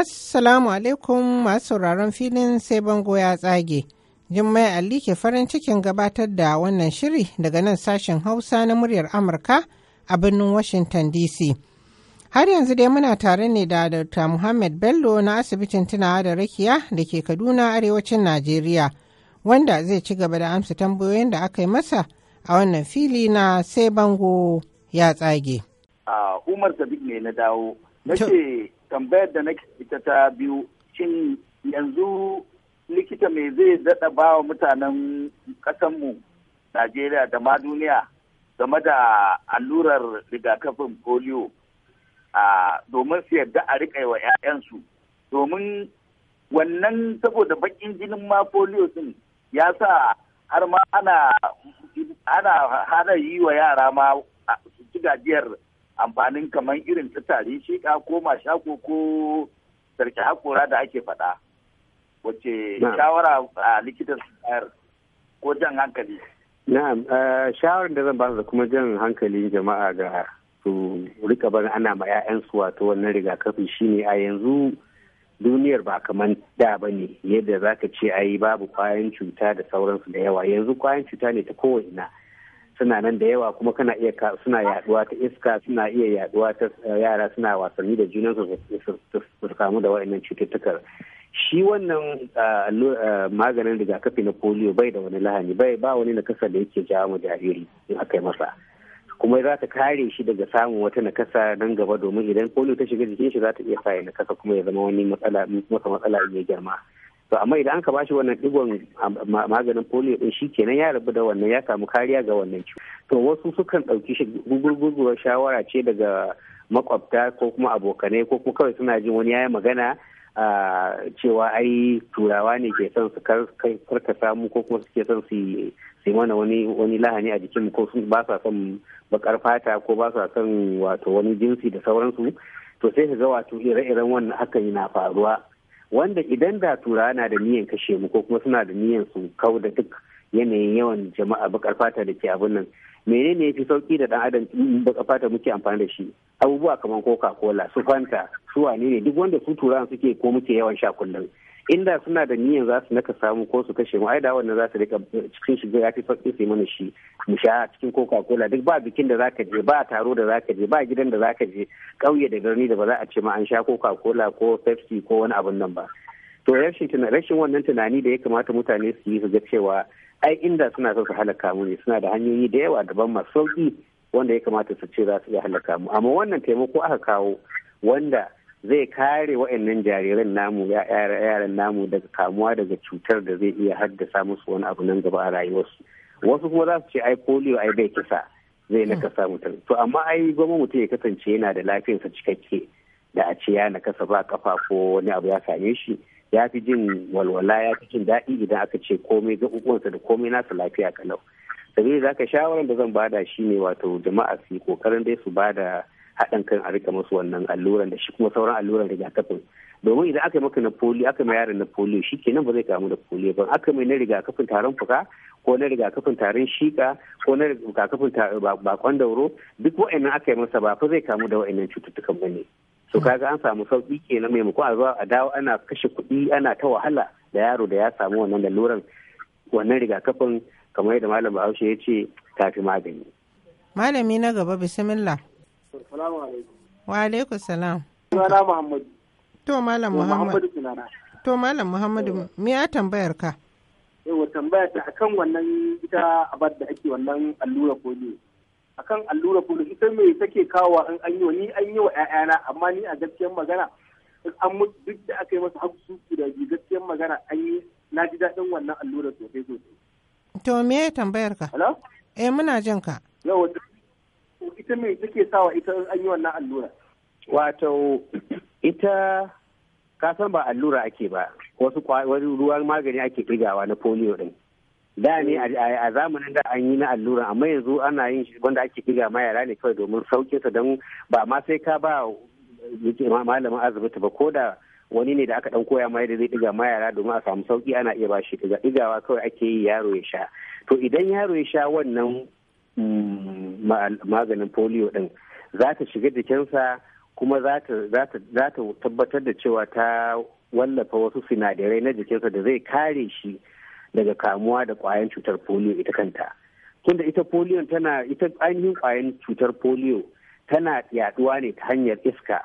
Assalamu alaikum masu sauraron filin sai bango ya tsage. Jummai Ali ke farin cikin gabatar da wannan shiri daga nan sashen Hausa na muryar Amurka a birnin Washington DC. Har yanzu dai muna tare ne da Dr. Muhammad Bello na asibitin tunawa da rakiya da ke Kaduna arewacin Najeriya, wanda zai ci gaba da amsa tambayoyin da aka yi masa a wannan fili na sai bango ya tsage. umar ne na dawo. tambayar da nake ita ta biyu shin yanzu likita mai zai daɗa ba wa mutanen ƙasanmu najeriya da ma duniya game da allurar rigakafin polio domin su yarda a riƙa wa 'ya'yansu domin wannan saboda baƙin jinin ma polio din ya sa har ma ana hana yi wa yara ma su ci gajiyar amfanin kamar irin ta tari shiƙa ko mashako ko sarki hakora da ake faɗa wacce shawara a likitan bayar ko jan hankali na'am shawarar da zan ba da kuma jan hankali jama'a ga su rika bana ana ma 'ya'yansu wato wannan rigakafi shine a yanzu duniyar ba kamar da ba ne yadda za ka ce ayi babu kwayan cuta da sauransu da yawa yanzu kwayan cuta ne ta kowane suna nan da yawa kuma kana iya suna yaduwa ta iska suna iya yaduwa ta eh, yara suna wasanni da junan su kamu da waɗannan cututtukar shi wannan ah, ah, maganin rigakafi na polio bai da wani lahani bai ba wani nakasa da yake jawo mu jariri in aka yi masa kuma za ta kare shi daga samun wata nakasa nan gaba domin idan polio ta shiga jikin shi za ta iya sa nakasa kuma ya zama wani matsala matsala in ya girma to amma idan ka bashi wannan digon maganin polio din shi kenan ya rabu da wannan ya samu kariya ga wannan ciwo to wasu sukan ɗauki shi gugurguguwar shawara ce daga makwabta ko kuma abokanai ko kuma kawai suna jin wani yayi magana cewa ai turawa ne ke son su karka samu ko kuma suke son su yi mana wani lahani a jikin ko sun ba sa son bakar fata ko ba sa son wato wani jinsi da sauransu to sai ka ga wato ire-iren wannan hakan yana faruwa wanda idan da tura na da niyan kashe mu ko kuma suna da niyan su kau da duk yanayin yawan jama'a bakar fata da ke abin nan menene ya fi sauki da ɗan adam bakar fata muke amfani da shi abubuwa kamar coca cola su fanta su wane ne duk wanda su turawan suke ko muke yawan sha kullum inda suna da niyan za su naka samu ko su kashe mu ai da wannan za su rika cikin shiga ya fi sauki su mana shi mu sha cikin coca cola duk ba bikin da zaka je ba taro da zaka je ba gidan da zaka je kauye da birni da ba za a ce ma an sha coca cola ko pepsi ko wani abun nan ba to rashin rashin wannan tunani da ya kamata mutane su yi su ga cewa ai inda suna so su halaka mu ne suna da hanyoyi da yawa daban masu sauki wanda ya kamata su ce za su iya halaka mu amma wannan taimako aka kawo wanda zai kare wa'annan jariran namu yaran namu daga kamuwa daga cutar da zai iya haddasa musu wani abu nan gaba a rayuwarsu wasu kuma za su ce ai polio ai bai kisa zai hmm. na kasa mutum to amma ai goma mutum ya kasance yana da lafiyarsa cikakke da a ce ya na kasa ba kafa ko wani abu ya same shi ya fi jin walwala ya fi jin daɗi idan aka ce komai ga ukuwansa da komai nasa lafiya kalau sabi da ka shawarar da zan bada ne wato jama'a su yi kokarin dai su bada haɗin kan a rika musu wannan alluran da shi kuma sauran alluran rigakafin domin idan aka yi maka na polio aka mai yaron na polio shi kenan ba zai kamu da polio ba aka mai na rigakafin tarin fuka ko na rigakafin tarin shika ko na rigakafin bakon dauro duk wa'annan aka yi masa ba fa zai kamu da wa'annan cututtukan ba ne so kaga an samu sauki kenan maimakon a zuwa a dawo ana kashe kuɗi ana ta wahala da yaro da ya samu wannan alluran wannan rigakafin kamar yadda malam bahaushe ya ce tafi magani malami na gaba bismillah Salamu alaikum. Wa alaikum salam. Sunana Muhammadu. To Malam Muhammadu. To Malam Muhammadu me ya tambayar ka? Yau tambaya ta akan wannan ita abar da ake wannan allura polio. Akan allura polio ita me take kawo in an yi wa ni an yi wa ƴaƴana amma ni a gaskiyar magana an mutu duk da aka yi masa hakku da gaskiyar magana an yi na ji daɗin wannan allura sosai sosai. To me ya tambayar ka? Hello? Eh muna jin ka. Yau ita me take sawa ita an yi wannan allura wato ita ka san ba allura ake ba wasu ruwan magani ake ɗigawa na polio din da ne a zamanin da an yi na allura amma yanzu ana yin shi wanda ake diga ma yara ne kawai domin sauke don ba ma sai ka ba malamin asibiti ba ko da wani ne da aka dan koya ma yadda zai diga ma yara domin a samu sauki ana iya bashi ɗigawa kawai ake yi yaro ya sha to idan yaro ya sha wannan mm, maganin polio din za ta shiga jikinsa kuma za ta tabbatar da cewa ta wallafa wasu sinadarai na jikinsa da zai kare shi daga kamuwa da kwayan cutar polio ita kanta tunda ita polio tana ita ainihin kwayan cutar polio tana yaduwa ne ta hanyar iska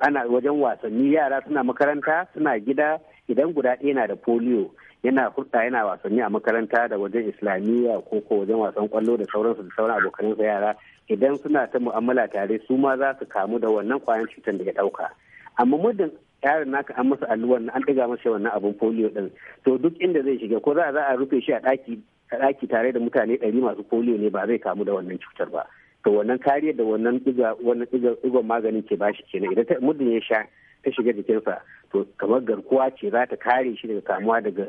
ana wajen wasanni yara suna makaranta suna gida idan guda ɗaya na da polio yana furta yana wasanni a makaranta da wajen islamiyya ko ko wajen wasan kwallo da sauransu da sauran abokanansa yara idan suna ta mu'amala tare su ma za su kamu da wannan kwayan cutar da ya dauka. amma muddin yaron naka an masa alluwan an diga masa wannan abin polio din to duk inda zai shiga ko za a rufe shi a ɗaki a ɗaki tare da mutane ɗari masu polio ne ba zai kamu da wannan cutar ba to wannan kariyar da wannan ɗiga wannan ɗigon maganin ke bashi kenan idan muddin ya sha ta shiga jikinsa to kamar garkuwa ce za ta kare shi daga kamuwa daga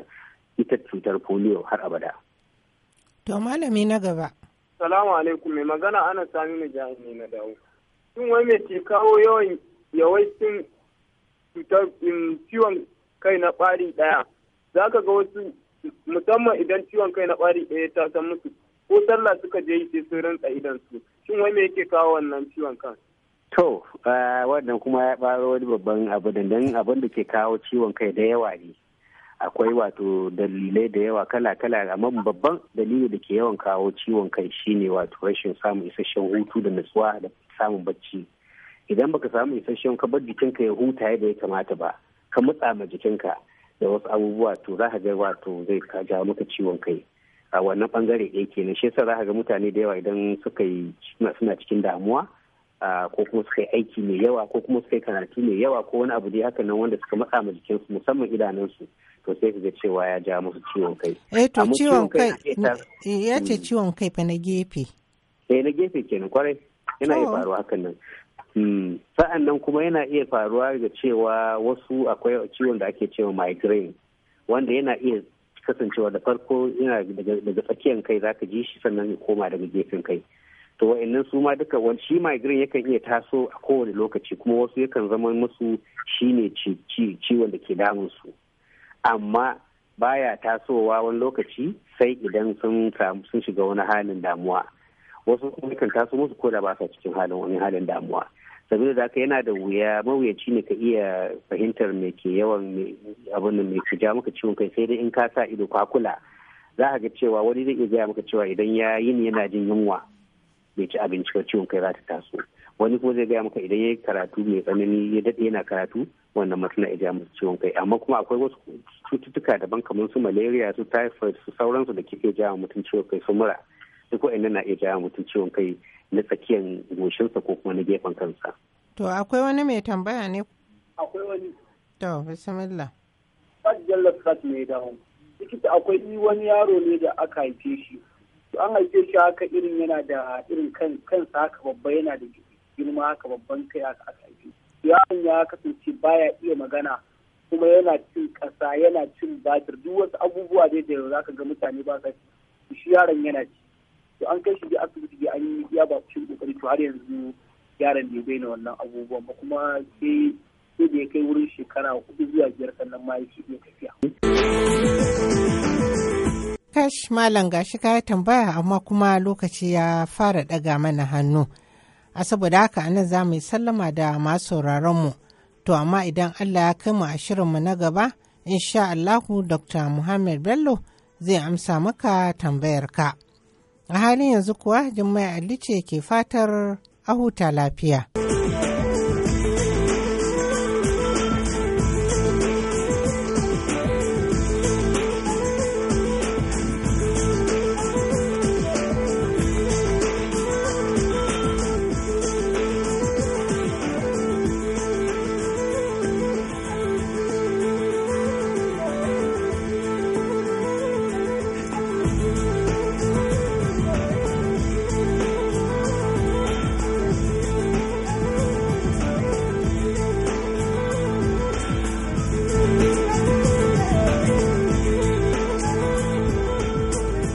ita cutar polio har abada. To malami na gaba. Salamu alaikum mai magana ana sami na jami'i na dawo. Shin wai mai ke kawo yawan yawaitin cutar mm, ciwon kai na ɓari ɗaya? Za ka ga wasu musamman idan ciwon kai na ɓari ɗaya ta san musu ko sallah suka je yi sai sun rantsa idan su. Shin wai me yake kawo wannan ciwon kan? To, wannan kuma ya ɓaro wani babban abu da nan abin da ke kawo ciwon kai da yawa ne. Akwai wato dalilai da yawa kala-kala amma babban dalili da ke yawan kawo ciwon kai shine wato rashin samun isasshen hutu da natsuwa da samun bacci. Idan baka samu isasshen ka bar jikinka ya huta yadda ya kamata ba, ka mutsa ma jikinka da wasu abubuwa to za ka ga wato zai jawo maka ciwon kai. A wannan bangare ɗaya kenan shi yasa za ka ga mutane da yawa idan suka yi suna cikin damuwa. ko kuma suka yi aiki mai yawa ko kuma suka yi karatu mai yawa ko wani abu dai haka nan wanda suka matsa ma jikinsu musamman idanunsu to sai ka ga cewa ya ja musu ciwon kai. Eh to ciwon kai ya ce hmm. ciwon kai fa na gefe. Eh na gefe kenan kwarai yana iya oh. faruwa hakan nan. Hmm. Sa'an nan kuma yana iya faruwa ga cewa wasu akwai ciwon da ake cewa migraine wanda yana iya kasancewa da farko yana daga tsakiyan kai zaka ji shi sannan ya koma daga gefen kai. to wa'annan su ma duka wani shi migraine yakan iya taso a kowane lokaci kuma wasu yakan zama musu shine ciwon da ke damunsu amma baya tasowa wani lokaci sai idan sun samu sun shiga wani halin damuwa wasu kuma yakan taso musu ko da ba sa cikin halin wani halin damuwa saboda da haka yana da wuya mawuyaci ne ka iya fahimtar me ke yawan abin da mai ja maka ciwon kai sai dai in ka sa ido kwakula za ka ga cewa wani zai iya gaya maka cewa idan ya yi yana jin yunwa bai ci abinci ba ciwon kai za ta taso wani kuma zai gaya maka idan ya yi karatu mai tsanani ya daɗe yana karatu wannan matsala ya ja masa ciwon kai amma kuma akwai wasu cututtuka daban kamar su malaria su typhoid su sauransu da ke iya jawo mutum ciwon kai su mura duk wa'annan na iya jawo mutum ciwon kai na tsakiyan goshinsa ko kuma na gefen kansa. To akwai wani mai tambaya ne? Akwai wani. To bismillah. Fat Jallas mai dawo. Likita akwai wani yaro ne da aka haife shi an haife shi haka irin yana da irin kansa haka babba yana da girma haka babban kai haka aka haife yaron ya kasance baya iya magana kuma yana cin kasa yana cin batir duk wasu abubuwa dai da za ka ga mutane ba sa shi yaron yana ci to an kai shi asibiti an yi ya ba shi kokari to har yanzu yaron bai na wannan abubuwan ba kuma sai sai da ya kai wurin shekara hudu zuwa biyar sannan ma yake iya tafiya. kash malam gashi ka tambaya amma kuma lokaci ya fara ɗaga mana hannu. A saboda haka anan za mu yi sallama da masu mu To amma idan Allah ya kai mu a shirinmu na gaba, insha Allahu Dr. Muhammad Bello zai amsa maka tambayar ka A halin yanzu kuwa Jummai Ali ce ke fatar a huta lafiya.